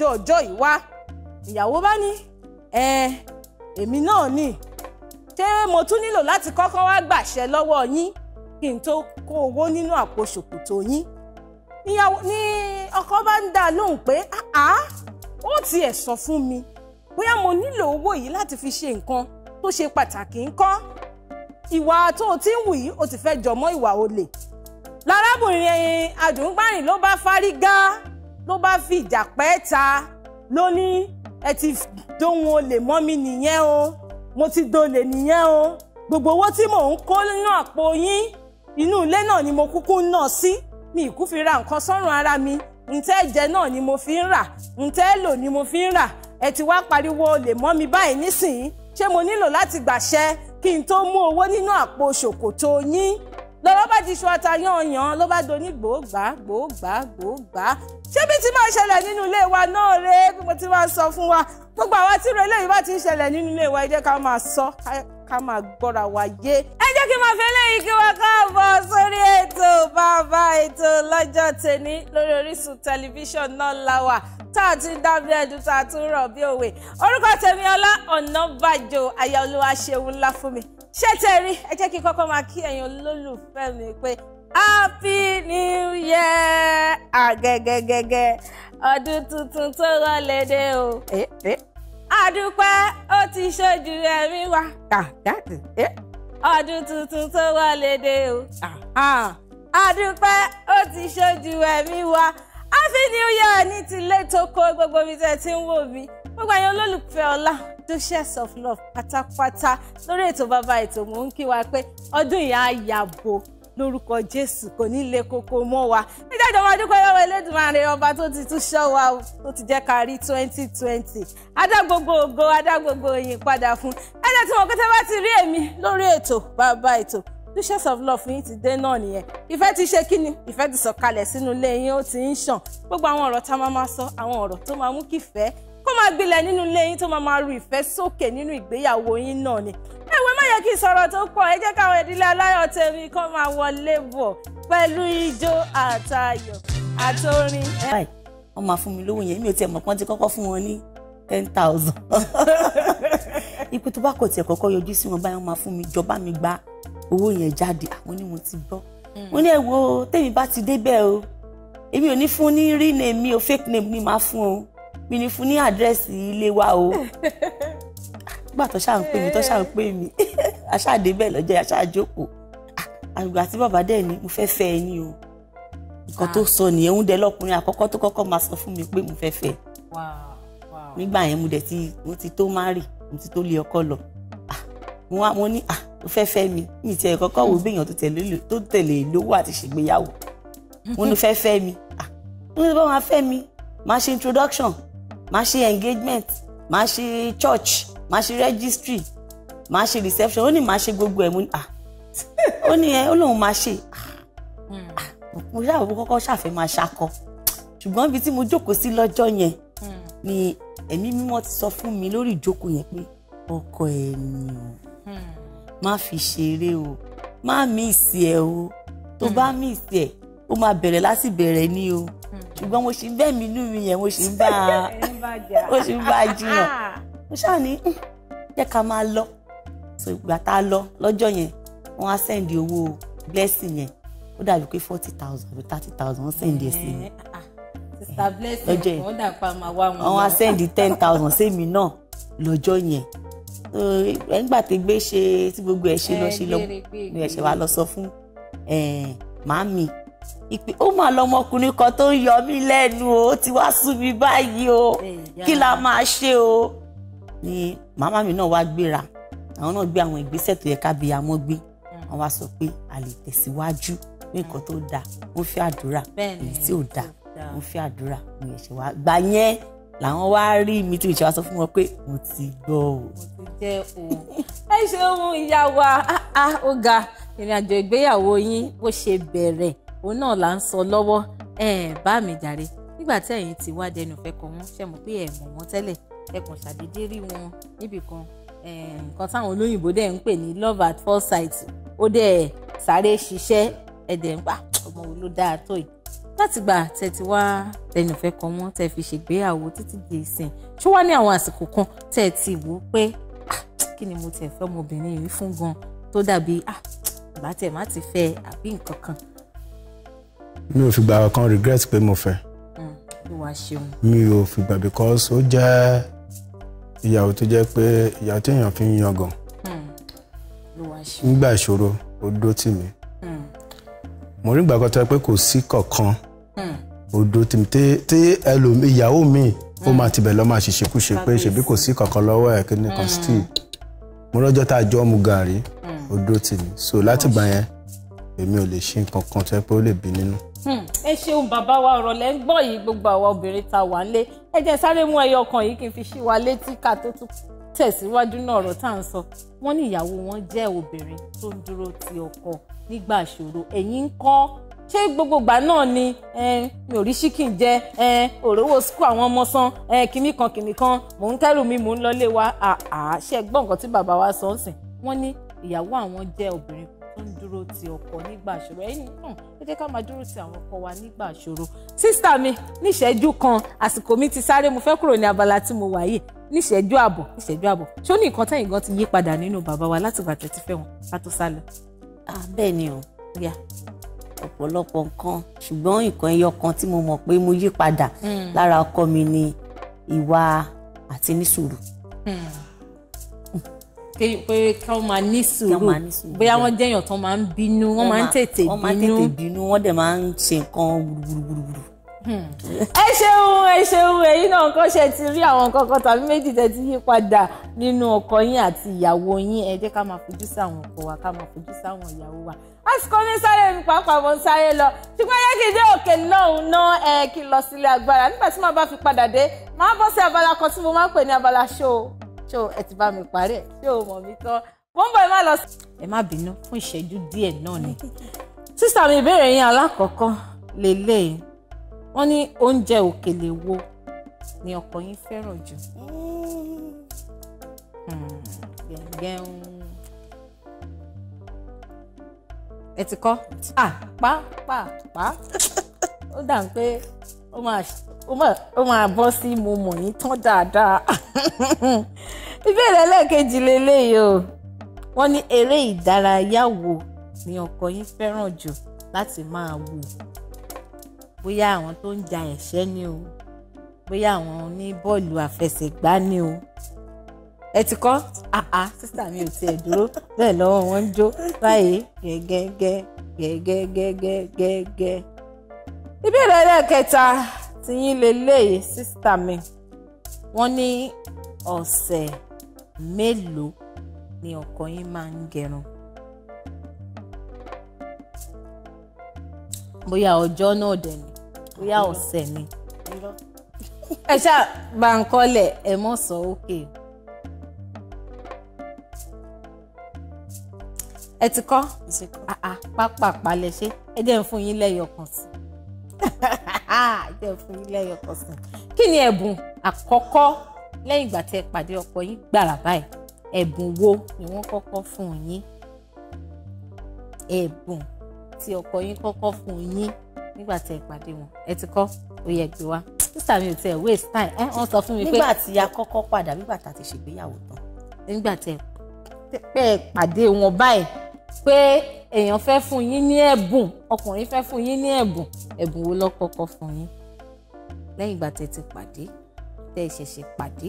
jọjọ́ ìwá ìyàwó bá ní ẹ èmi náà nì ṣé mo tún nílò láti kọ́kọ́ wá gbàṣẹ lọ́wọ́ yín kí n tó kó owó nínú àpò ṣòkòtò yín ní ọkọ bá ń dá lóhùn pé àá ó tiẹ̀ sọ fún mi bóyá mo nílò owó yìí láti fi ṣe nǹkan tó ṣe pàtàkì ńkọ́ ìwà tó o ti ń wù yìí o ti fẹ́ jọmọ́ ìwà olè lárábìnrin Adùngbàrìn ló bá fárígá ló bá fi ìjà pẹ́ ta ló ní ẹ ti dóhun olè mọ́ mi nìyẹn o mo ti dolè nìyẹn o gbogbo owó tí mò ń kó nínú àpò yín inú ilé náà ni mo kúkú ń nà sí mi ìkú fi ra nǹkan sọ́rùn ara mi ntẹ́ jẹ náà ni mo fi ń rà ntẹ́ lò ni mo fi ń rà ẹ ti wá pariwo olè mọ́ mi báyìí nísìnyí ṣé mo nílò láti gbàṣẹ kí n tó mú owó nínú àpò ṣòkòtò yín lọ́rọ́ bá di iṣu àtàyàn yàn ló bá doní gbòógbà gbòógbà gbòógbà ṣébí tí máa ṣẹlẹ̀ nínú ilé wa náà rèé bí mo ti máa sọ fún wa gbogbo àwa tí rẹ̀ eléyìí bá ti ṣẹlẹ̀ nínú ilé wa ẹ ká máa sọ ká máa gbọ́ra wa yé. ẹ jẹ́ kí n máa fi eléyìí kí wọ́n káàbọ̀ sórí ètò bàbá ètò lọ́jọ́ tèmi lórí Orísun tẹlifíṣàn náà láwà tá a ti ń dábí ẹ̀dùn tá a tún rọ̀ bí òwe orúkọ tèmi Ọlá Ọ̀nàbàjò àyà Olúwa ṣeun ńlá fún mi ṣé tẹ rí ẹ jẹ́ kí n kọ́kọ́ máa kí ẹ̀yin olólùfẹ́ mi pé happy new year àgẹ́gẹ́gẹ́gẹ́ ọdún tuntun tó rọlẹ̀ dé o. àdúpẹ́ eh, eh. ó ti ṣojú ẹ̀mí wa. Ah, ọdún tuntun tó rọlẹ̀ dé o. àdúpẹ́ ó ti ṣojú ẹ̀mí wa happy new year ní tilé tó kó gbogbo ibi tẹ́ ti ń wò mí gbogbo àyàn olólùfẹ́ ọlá duchess of love pátápátá lórí ètò bàbá ètò mò ń kí wa pé ọdún ìyá àyàbò lórúkọ jésù kò ní le koko mọ́ wa nígbàjọ máa dúpẹ́ lọ́wọ́ elédùnmáre ọba tó ti tún ṣọ́ wa tó ti jẹ́ ká rí twenty twenty adá gbogbo ògo adá gbogbo ìyìn padà fún ẹ̀jẹ̀ tí mo pé tẹ́ bá ti rí èmi lórí ètò bàbá ètò duchess of love yìí ti dé náà nìyẹn ìfẹ́ ti ṣe kí ni ìfẹ́ ti sọ̀kalẹ̀ sínú ilé yín ó ti ń ṣàn gbogbo àwọn ọ̀rọ̀ tá a máa máa sọ àwọn ọ̀rọ̀ tó máa mú kífẹ́ kó máa gbilẹ̀ nínú ilé yín tó máa máa ru ìfẹ́ sókè nínú ìgbéyàwó yín náà ni ẹ̀wẹ̀ má yẹ kí sọ̀rọ̀ tó pọ̀ ẹ jẹ́ káwọn ìdílé aláyọ̀ tèmi kó máa wọlé bọ̀ pẹ̀lú ijó àtayọ̀ àtorin. báyìí wọn máa fún mi lówó yẹn mi ò tiẹ̀ mọ̀ pọ́n ti kọ́kọ́ fún wọn ní ten thousand ipò tó bá kò tiẹ̀ kọ́kọ́ yọjú sí wọn báyìí wọn máa fún mi jọba mi gba owó yẹn jáde àwọn ni mo ti gbọ́ wọn hmm. ní ẹ wo bá ti débẹ̀ o èmi ò ní fún ní real name mi ò fake name ni màá fún o mi ni fún ní àdírẹ́sì ilé wa o nígbà tó ṣáà ń pè mí tó ṣáà ń pè mí aṣáàdé bẹ́ẹ̀ lọ́jọ́ aṣáàjókòó ah, àgbà tí bàbá dẹ̀ ni mo fẹ́ fẹ́ ẹ ní o nǹkan tó ah. sọ nìyẹn ń dẹ lọ́kùnrin àkọ́kọ́ tó kọ́kọ́ máa sọ fún mi pé mo fẹ́ fẹ́ nígbà yẹn mo dẹ̀ ti mo ti tó márì mo ti tó lé ọkọ lọ ah, mo wá mo ní mo fẹ́ fẹ́ mi mi tiẹ̀ kọ́kọ́ wo bí èèyàn tó tẹ̀lé lówó àti ṣègbéyàwó mo ní fẹ́ fẹ́ mi mo ní bá wọn fẹ́ mi máa ṣe introduction máa ṣe engagement máa ṣe church máa ṣe registry máa ṣe reception ó ní máa ṣe gbogbo ẹ̀ mú ni ó ní ẹ ó lóun máa ṣe mo ṣáà wọ́n kọ́kọ́ máa ṣakọ ṣùgbọ́n ibi tí mo jókòó sí lọ́jọ́ yẹn ni ẹ̀mí mímọ́ ti sọ fún mi lórí ìjókòó yẹn pé ọkọ ẹ̀ ni o má fi ṣeré o má mí ìsì ẹ̀ o tó bá mí ìsì ẹ̀ ó máa bẹ̀rẹ̀ láti bẹ̀rẹ̀ ni o hmm. ṣùgbọ́n mo ṣì ń bẹ́ẹ̀ mi inú mi yẹn mo ṣì ń bá mo ṣì ń bá jiyàn ah. mo ṣáà ní hmm, jẹ́ ká máa lọ so ìgbà tá a lọ lọ́jọ́ yẹn wọ́n á sẹ́ndì owó blessing yẹn ó dàbí pé forty thousand àbí thirty thousand wọ́n sẹ́ndì ẹ̀ sí mi eh, ah. lọ́jọ́ yẹn wọ́n á sẹ́ndì ten thousand sí mi náà lọ́jọ́ yẹn ẹgbà tí gbé ṣe tí gbogbo ẹ ṣe lọ ṣe lọ ẹ ṣe lọ sọ fún eh, màámi ìpè ó mà lọmọkùnrin kan tó ń yọ mí lẹ́nu o ti wá sú mi báyìí o kí la máa ṣe o ni màmá mi náà wá gbéra àwọn náà gbé àwọn ìgbésẹ̀ tó yẹ ká bí gbé wọ́n wá sọ pé a lè tẹ̀síwájú pé nǹkan tó dáa wọ́n fi àdúrà èyí tí ò dáa wọ́n fi àdúrà mo yẹ̀ ṣe wá gbà yẹn làwọn wá rí mi tí ìṣèwà sọ fún wọn pé mo ti gbọ́ o. mo ti jẹ́ o ẹ ṣeun ìyá wa ah, ah, ó ga ìrìnàjò ìgbéyàwó yín bó ṣe bẹ̀rẹ̀ òun náà là ń sọ lọ́wọ́ ẹ bá mi jàre nígbà tí ẹ̀yin ti wá dẹnu fẹ́ kàn wọ́n ṣe mọ̀ pé ẹ̀ mọ̀ wọ́n tẹ́lẹ̀ ẹ kàn ṣàdédé rí wọn níbì kan nǹkan táwọn olóyìnbó dẹ̀ ń pè ní love at first sight ó dẹ̀ sáré ṣiṣẹ́ ẹ̀ dẹ̀ ń pa ọmọ wo ló dáa tó yìí látìgbà tẹ́ ti wá dẹnu fẹ́ kàn wọ́n tẹ́ fi ṣègbéyàwó títí di ìsìn ṣó wá ní àwọn àsìkò kan tẹ́ ti wò ó pé ah, kí ni mo tẹ̀ fẹ́ ọmọbìnrin yìí fún gan tó dàbí ah, àbátẹ̀ má ti fẹ́ àbí nǹkan kan mi ò fìgbà kan regret pé mo fẹ́ mm, mi ò fìgbà because ó jẹ́ ìyàwó tó jẹ́ pé ìyàwó tí èèyàn fi ń yangàn mm, nígbà ìṣòro ó dó tì mí mm. mo rí ìgbà kan tó yẹ pé kò sí kankan ó dó tì mí tí ẹlòmíì ìyàwó mi ó máa tibẹ̀ lọ́ máa ṣèṣekúṣe pé ṣèbí kò sí kankan lọ́wọ́ ẹ̀ kí ni kan still mo rọ́jọ́ tá a jọ mu gàrí ó dó tì mí so láti gbà yẹn èmi ò lè ṣe nǹkan kan tó yẹ pé ó lè bí nínú. Hmm, ẹ ṣeun bàbá wa ọ̀rọ̀ lẹ́ ń gbọ́ yìí gbogbo àwa obìnrin ta wà ń lé ẹ jẹ́ sáré mú ẹyọ kan yìí kí n fi ṣí wa létí ká tó tún tẹ̀síwájú náà ọ̀rọ̀ tá à ń sọ wọ́n ní ìyàwó wọn jẹ́ obìnrin tó ń dúró ti ọkọ nígbà ìṣòro ẹ̀yin ń kọ́ ṣé gbogbo ìgbà náà ni mi ò rí ṣíkìn jẹ òróró sukú àwọn ọmọ san kìnnì kan kìnnì kan mò ń kẹ́rù mi mò ń lọlé wa ṣe gbọ́ nǹkan tí bàbá wa sọ ń sìn wọ́n ní ìyàwó àwọn jẹ́ obìnrin ti ọkọ nígbà ṣòro ẹ̀yin ẹ jẹ́ ká máa dúró ti àwọn ọkọ wa nígbà ṣòro. sísítà mi níṣẹ́jú kan àsìkò mi ti sáré mo fẹ́ kúrò ní abala tí mo wà yìí níṣẹ́jú àbọ̀ níṣẹ́jú àbọ̀ ṣó ní nǹkan tẹ́yìn gan ti yí padà nínú bàbá wa láti gbàtẹ́ ti fẹ́ wọn ká tó sá lọ. bẹ́ẹ̀ ni o yá ọ̀pọ̀lọpọ̀ nǹkan ṣùgbọ́n nǹkan ẹyọ kan tí mo mọ̀ pé mo yí padà hmm. lára ọkọ mi ni ìwà àti nísùúrù. Hmm pé káwọn máa ní sùúrù bóyá wọ́n jẹ́yàn tán máa ń bínú wọ́n máa ń tètè bínú wọ́n dẹ̀ máa ń ṣe nǹkan gbùrùgbùrù hmm. ẹ ṣeun ẹ ṣeun ẹ̀yin náà nǹkan ṣe ti rí àwọn nǹkan kan tàbí méjì tẹ́ ti yí padà nínú ọkọ yín àti ìyàwó yín ẹ jẹ́ ká máa fojú sáwọn ọkọ wa ká máa fojú sáwọn ìyàwó wa àsìkò mi sáré mi pàápàá mo ń sáré lọ ṣùgbọ́n yẹ kí n dé òkè lọ́hùn ná ẹ kí n lọ sílé agbára nígbà tí màá bá fi padà dé màá bọ́ sí abala kan tí mo máa ń pè ní abala ṣó ṣé ẹ ti bá mi parí ẹ̀ ṣé o mọ̀ mi tán mo ń bọ̀ ẹ má lọ sí. ẹ má bínú fún ìṣẹ́jú díẹ̀ náà ni sísá mi ìbéèrè yín alákọ̀ọ́kọ́ lélẹ́yìí wọ́n ní oúnjẹ òkèlè wo ni ọkọ yín fẹ́ràn jù. Hmm, ẹ ti kọ́ pa pa pa pa ó dà ń pé ó máa ó máa bọ́ sí mo mọ̀ yín tán dáadáa ìbéèrè ẹlẹ́ẹ̀kejì lélẹ́yìí o wọ́n ní eré ìdárayá wo ni ọkọ yín fẹ́ràn jù láti máa wò bóyá àwọn tó ń ja ẹ̀ṣẹ́ ni o bóyá àwọn ní bọ́ọ̀lù àfẹsẹ̀gbá ni o ẹ ti kọ́ àá sísà mi ò tiẹ̀ dúró bẹ́ẹ̀ lọ́wọ́ wọn ń jó báyìí gẹ́gẹ́gẹ́ gẹ́gẹ́gẹ́gẹ́gẹ́ ìbéèrè ẹlẹ́ẹ̀kẹta tiyín leléyìí sísítà mi wọ́n ní ọ̀sẹ̀ mélòó ni ọkọ yín máa ń gẹrun bóyá ọjọ́ náà dẹ̀ ni bóyá ọ̀sẹ̀ ni ẹ ṣáà bá ń kọ́lẹ̀ ẹ mọ̀ sọ òkè. ẹ ti kọ́ ah, ah, pápá palẹ̀ ṣe ẹ jẹ́ ń fún yín lẹ́yọ̀ sí i. Ah, ìjẹ́ fún ilé ọkọ sìn kí ni ẹ̀bùn àkọ́kọ́ lẹ́yìn ìgbà tẹ́ pàdé ọkọ yín gbàrà báyìí ẹ̀bùn wo ni wọ́n kọ́kọ́ fún yín ẹ̀bùn tí ọkọ yín kọ́kọ́ fún yín nígbà tẹ́ pàdé wọn ẹ ti kọ́ ó yẹ gbé sísà mi ò tẹ waste time ẹ wọ́n sọ fún mi pé nígbà tí a kọ́kọ́ padà nígbà tá a ti ṣègbéyàwó tán nígbà tẹ́ pẹ́ pàdé wọn báyìí pé èèyàn fẹ́ fún yín ní ẹ̀bùn ọkùnrin fẹ́ fún yín ní ẹ̀bùn ẹ̀bùn wo ló kọ́kọ́ fún yín lẹ́yìn ìgbà tẹ́ ti pàdé tẹ́ ẹ ṣẹ̀ṣẹ̀ pàdé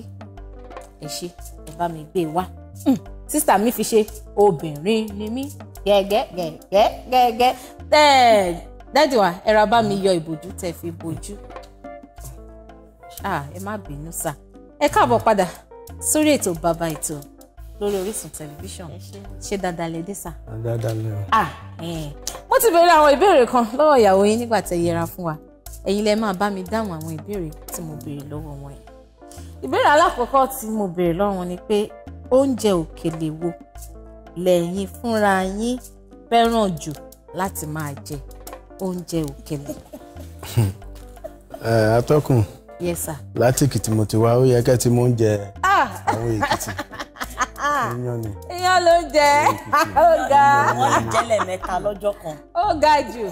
ẹ ṣe ẹ bá mi gbé e wá hmm, sísà mi fi ṣe obìnrin ni mí gẹ́gẹ́ gẹ́gẹ́ gẹ́gẹ́ tẹ́ ẹ dájú wa ẹ ra bá mi yọ ìbòjú tẹ́ fi bòjú ah, ẹ má bínú sà ẹ káàbọ̀ padà sórí ètò bàbá ètò lórí Orísun tẹlifíṣàn ṣé dáadáa lẹ dé sà. dáadáa lẹ o. ah mo ti béèrè àwọn ìbéèrè kan lọ́wọ́ ìyàwó yín nígbà tẹ yẹra fún wa ẹ̀yin lẹ máa bá mi dáhùn àwọn ìbéèrè tí mo béèrè lọ́wọ́ wọn yìí. ìbéèrè alákọ̀ọ́kọ́ tí mo béèrè lọ́wọ́ ni pé oúnjẹ òkèlè wo lẹ́yìn fúnra yín fẹ́ràn jù láti máa jẹ oúnjẹ òkèlè. ẹ eh, atọ́kùn. yes sir. láti Èkìtì mo ti wá ó yẹ kẹ́ ti mú oúnjẹ ah! àwọn Èkìtì. iyán ló ń jẹ ó ga wọ́n ti jẹ́lẹ̀ mẹ́ta kan. ó ga jù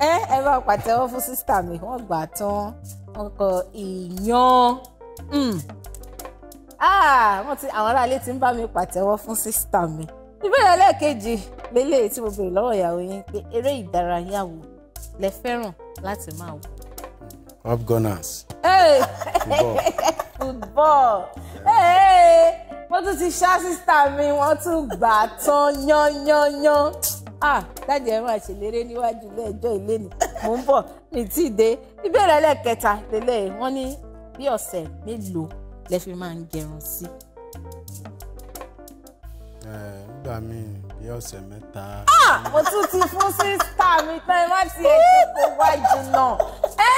ẹ ẹ bá pàtẹ́wọ́ fún sísítà mi wọ́n gbà tán wọ́n kọ hmm. ah, wọ́n ti àwọn aráalé ti ń bá mi pàtẹ́wọ́ fún sísítà mi ìbéèrè lẹ́ẹ̀kejì lélẹ̀ tí mo béèrè lọ́wọ́ ìyàwó yín pé eré ìdárayá wo lẹ fẹ́ràn láti máa wò. up gunners. football. football. Yeah. hey wọ́n tún ti ṣá sísítà mi wọ́n tún gbà tán yánnyánnyán ah dájú ẹ máa ṣèlérí níwájú ilé ẹjọ́ ilé ni mò ń bọ̀ mi tí ì dé ìbéèrè ẹlẹ́ẹ̀kẹta lélẹ̀ wọ́n ní bí ọ̀sẹ̀ mélòó lẹ fi máa ń gẹrun sí. ẹ nígbà míì bí ọ̀sẹ̀ mẹ́ta. Ah, mo tún ti fún sísítà mi tán ẹ má ti ẹ̀ tó wájú náà ẹ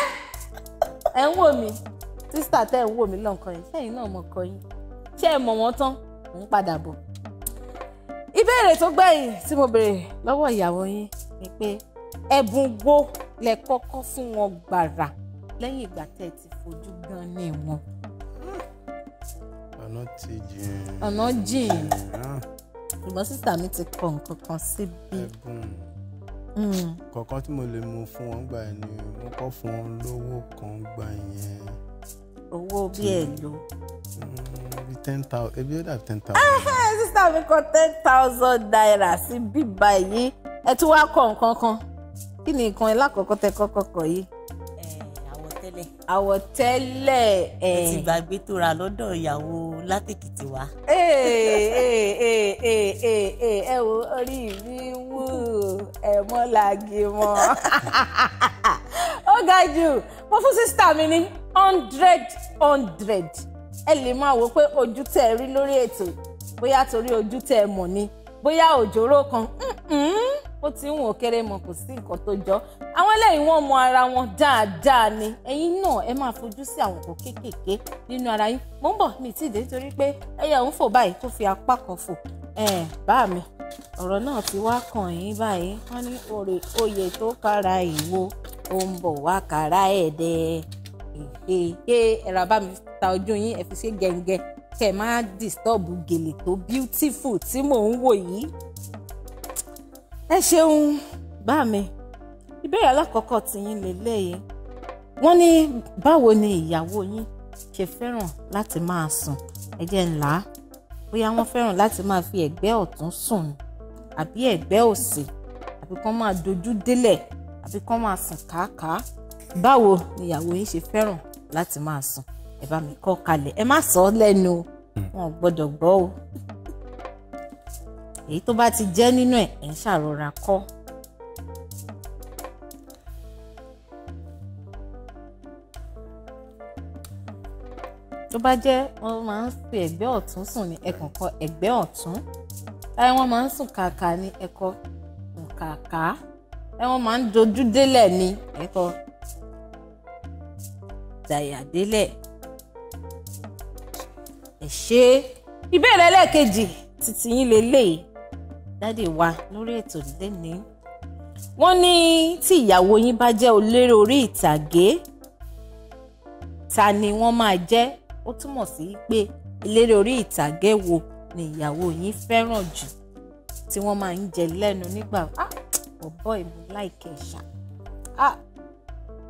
ẹ ń wò mí sísítà tẹ́ ẹ ń wò mí lọ́nkàn yìí sẹ́yìn náà mọ̀ kọ́ yín ṣé ẹ mọ̀ wọ́n tán mò ń padà bọ̀. ìbéèrè tó gbẹ̀yìn tí mo béèrè lọ́wọ́ ìyàwó yín ni pé ẹ̀bùn wo lẹ kọ́kọ́ fún wọn gbàrà lẹ́yìn ìgbà tẹ́ ẹ ti fojú gan ní wọn. ọ̀nà ti jìn. ọ̀nà jìn ṣùgbọ́n sísà mi ti kọ nǹkan kan síbí. ẹ̀bùn hmm. kọ̀ọ̀kan tí mo lè mú fún wọn gbà yẹn ni mo kọ́ fún wọn lówó kan gbà yẹn owó bí ẹ hmm. lò. Hmm, ten thousand ebi ó dà ten thousand. sísá mi kọ ten thousand naira sí bíbá yìí ẹ tún wá kọ nǹkan kan kí ni nǹkan ẹ lákòókò tẹ kọ́kọ́ kọ yìí àwọ̀tẹ́lẹ̀. àwọ̀tẹ́lẹ̀. mo ti gbàgbé tó ra lọ́dọ̀ ìyàwó látèkìtì wa. ẹ wo orí mi wú ẹ mọ́ làgé ó ga jù mo fún sísítà mi ní hundred hundred ẹ lè máa wò pé ojú tẹ ẹ rí lórí ètò bóyá torí ojú tẹ ẹ mọ̀ ni bóyá òjòrò kan ó ti ń wò kéré mọ kò sí nǹkan tó jọ àwọn eléyìí wọ́n mọ ara wọn dáadáa ni ẹ̀yin náà ẹ máa fojú sí àwọn nǹkan kéékèèké nínú ara yín mò ń bọ̀ mi ti dé nítorí pé ẹyẹ òun fò báyìí tó fi apá kan fò bá mi ọ̀rọ̀ náà ti wá kàn yín báyìí wọ́n ní oyè tó kára ìwo ó ń bọ̀ wá kára ẹ̀dẹ̀ èhèhè ẹ̀rọ bá mi ta ojú yín ẹ fi ṣe gẹ̀ǹgẹ̀ kẹ́ ẹ má disturb gèlè tó beautiful tí mò ń wò yìí. ẹ ṣeun bá mi ìbéèrè alákọ̀ọ́kọ́ tiyín lélẹ́yìí wọ́n ní báwo ni ìyàwó yín ṣe fẹ́ràn láti máa sùn ẹ̀jẹ̀ ńlá bóyá wọ́n fẹ́ràn láti máa fi ẹ̀gbẹ́ ọ̀tún sùn àbí ẹ̀gbẹ́ òsì àbí kán máa dojú délẹ̀ àbí kán máa sùn káàkáà báwo níyàwó yín ṣe fẹ́ràn láti máa sùn ẹ bá mi kọ́ kalẹ̀ ẹ má sọ ọ́ lẹ́nu hmm. wọn ò gbọ́dọ̀ gbọ́ o èyí tó bá ti jẹ́ nínú ẹ̀ ẹ̀ ń ṣàrọra kọ́. tó bá jẹ́ wọ́n máa ń fi ẹ̀gbẹ́ ọ̀tún sùn ní ẹ̀kàn kan ẹ̀gbẹ́ ọ̀tún táyé wọ́n máa ń sùn kàkà ní ẹ̀kọ́ kàkà táyé wọ́n máa ń dojú délẹ̀ ní ẹ̀kọ́ àtàyà délẹ̀ ẹ ṣe ìbéèrè ẹlẹ́ẹ̀kejì títí yín lélẹ́yìí dáde wa lórí ètò lẹ́nìí wọ́n ní tí ìyàwó yín bá jẹ́ oléré orí ìtàgé ta ni wọ́n máa jẹ́ ó túmọ̀ sí pé eléré orí ìtàgé wo ni ìyàwó yín fẹ́ràn jù tí wọ́n máa ń jẹ lẹ́nu nígbà ah ìmúláìkẹ̀ṣà ah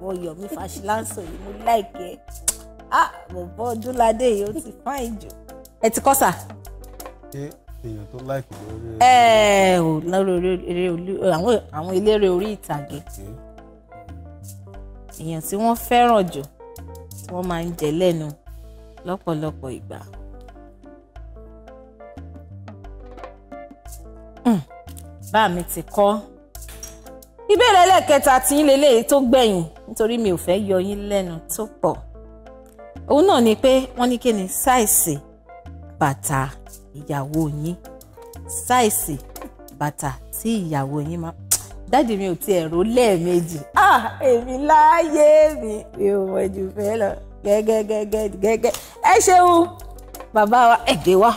bọ̀bọ̀ Yọ̀mí Fásiláńsọ yìí mo láìkẹ́ ah bọ̀bọ̀ Ọdúnládé yìí ó ti fáìn jù. ẹ ti kọ́ sà. ṣé èèyàn tó láìkì lórí. ẹ ẹ ò lórí àwọn eléré orí ìtàgé èèyàn tí wọ́n fẹ́ràn jù tí wọ́n máa ń jẹ lẹ́nu lọ́pọ̀lọpọ̀ ìgbà. Hmm, bá mi ti kọ́ ìbéèrè ẹlẹ́ẹ̀kẹta tí yín leléyìí tó gbẹ̀yìn nítorí mi ò fẹ́ yọ yín lẹ́nu tó pọ̀ òun náà ni pé wọ́n ní kí ni sáìsì bàtà ìyàwó yín sáìsì bàtà tí ìyàwó yín máa dáàdì mi ò tiẹ̀ rò lẹ́ẹ̀mejì ah èmi láàyè mi mi ò mọ̀ jù fẹ́ lọ gẹ́gẹ́gẹ́gẹ́gẹ́ ẹ ṣeun bàbá wa ẹ̀gbẹ́ wa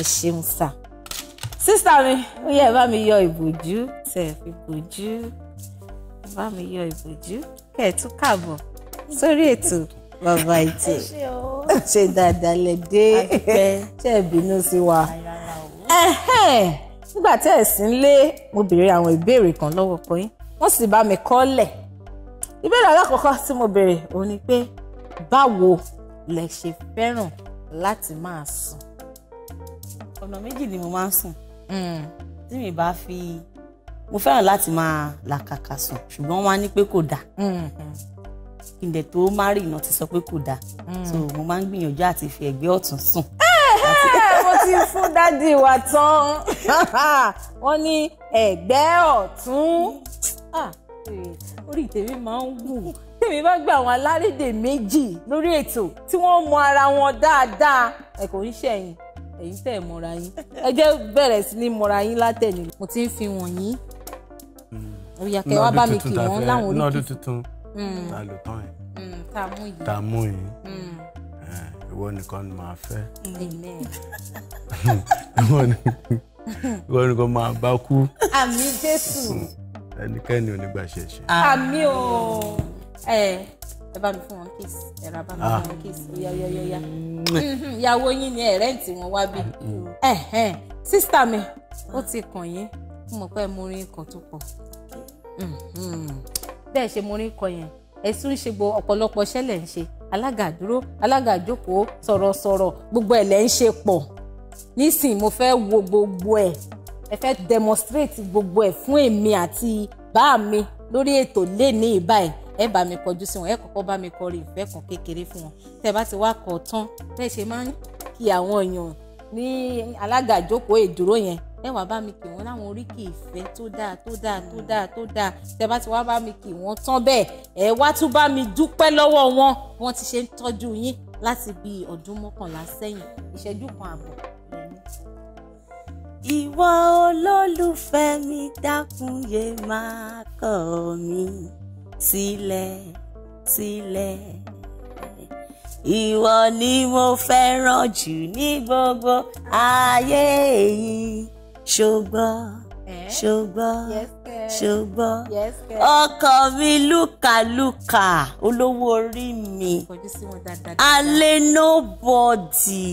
ẹ ṣeun sà sísá mi ó yẹ bá mi yọ ìbòjú tẹ̀ fi bòjú bá mi yọ ìbòjú kẹ̀ tún kàbọ̀ sórí ètò bàbá ìtì ṣe dáadáa lẹ dé ṣe bínú sí wa nígbà tẹ́ ẹ̀ sí ń lé mo béèrè àwọn ìbéèrè kan lọ́wọ́ pọ̀ yín wọ́n sì bá mi kọ́ lẹ̀ ìbéèrè alákọ̀ọ́kọ́ tí mo béèrè òun ni pé báwo lẹ ṣe fẹ́ràn láti máa sùn. ọ̀nà méjì ni mo máa ń sùn hmm. tí mi bá fi mo fẹ́ràn láti máa làkàkà sùn ṣùgbọ́n wọ́n á ní pé kò dáa mm-hmm. kí n dẹ̀ tó márì iná ti sọ pé kò dáa mm. so mo máa ń gbìyànjú àti fi ẹ̀gbẹ́ ọ̀tún sùn. mo ti fún dádì wa tán wọ́n ní ẹ̀gbẹ́ ọ̀tún ah, eh, orí tèmi máa ń wù tèmi bá gba àwọn alárédè méjì lórí ètò tí wọ́n mọ ara wọn dáadáa ẹ kò ń ṣẹ̀yìn ẹ̀yin tẹ́ ẹ̀ mọ̀ra yín ẹ jẹ́ bẹ̀rẹ̀ sí ní mọ̀ra yín látẹ̀yìn mo ti ń fi wọ̀nyí òyà kẹ wá bá mi kì wọ́n láwọn oríkì lọ́dún tuntun hmm. ta ló tán yìí hmm, ta mú yìí hmm. eh, ìwọ nìkan ni màá fẹ́ ìwọ nìkan máa bá kú àmì Jésù ẹnikẹ́ni ò ní gbà ṣe ṣe. àmì o ẹ eh, ẹ bá mi fún wọn kiss ẹ ra bá mi fún ah. wọn kiss ó yá yá yá yá ìyàwó yín ni ẹ rẹ́ǹtì wọn wá bí ah, eh, sísítà mi ó ti kàn yín mo mọ̀ pé mo rin ikàn tó pọ̀ hmm, hmm. bẹ́ẹ̀ ṣe mo rin ikàn yẹn ẹ̀sùn ń ṣe gbo ọ̀pọ̀lọpọ̀ iṣẹ́ lẹ̀ ń ṣe alága àdúró alága àjókòó sọ̀rọ̀sọ̀rọ̀ gbogbo ẹ̀ lẹ̀ ń ṣe pọ̀ nísìnyí mo fẹ́ wo gbogbo ẹ̀ ẹ fẹ́ demonstrate gbogbo ẹ̀ fún èmi àti bá mi lórí ètò lé ní ìbáyìí ẹ bá mi kọjú sí wọn ẹ kọ́kọ́ bá mi kọrin ìfẹ́ kan kékeré fún wọn tẹ́ bá ti wá kọ tán bẹ́ẹ̀ ṣe máa ń kí àwọn èèyàn ní alága àjókòó ìdúró yẹn ẹ wàá bá mi kì wọ́n láwọn oríkì ìfẹ́ tó dáa tó dáa tó dáa tó dáa tẹ bá ti wá bá mi kì wọ́n tán bẹ́ẹ̀ ẹ wá tún bá mi dúpẹ́ lọ́wọ́ wọn wọ́n ti ṣe ń tọ́jú yín láti bí ọdún mọ́kànlá sẹ́yìn ìṣẹ́jú kan àbọ̀. ìwọ olólùfẹ́ mi dákun yé máa kọ̀ mí sílẹ̀ sílẹ̀ ìwọ ni mo fẹ́ràn jù ní gbogbo ayé yìí ṣùgbọ́n eh? ṣùgbọ́n ṣùgbọ́n ọkọ mi lùkàlùkà olówó orí mi alẹ́ nobody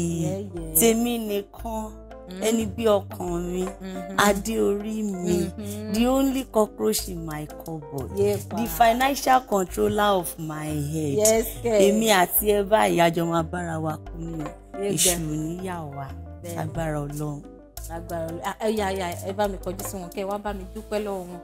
tèmi nìkan mm-hmm. ẹni bí ọkàn mi mm-hmm. adé orí mi mm-hmm. the only cockroach in my cupboard yeah, the financial controller of my head èmi àti ẹ báyìí àjọ máa bára wa kú ní ìṣù níyàwó agbára Ọlọ́run lágbára ẹ̀yà ẹ̀yà ẹ bá mi kọjú sí wọn kẹ́ ẹ wá bá mi dúpẹ́ lọ́wọ́ wọn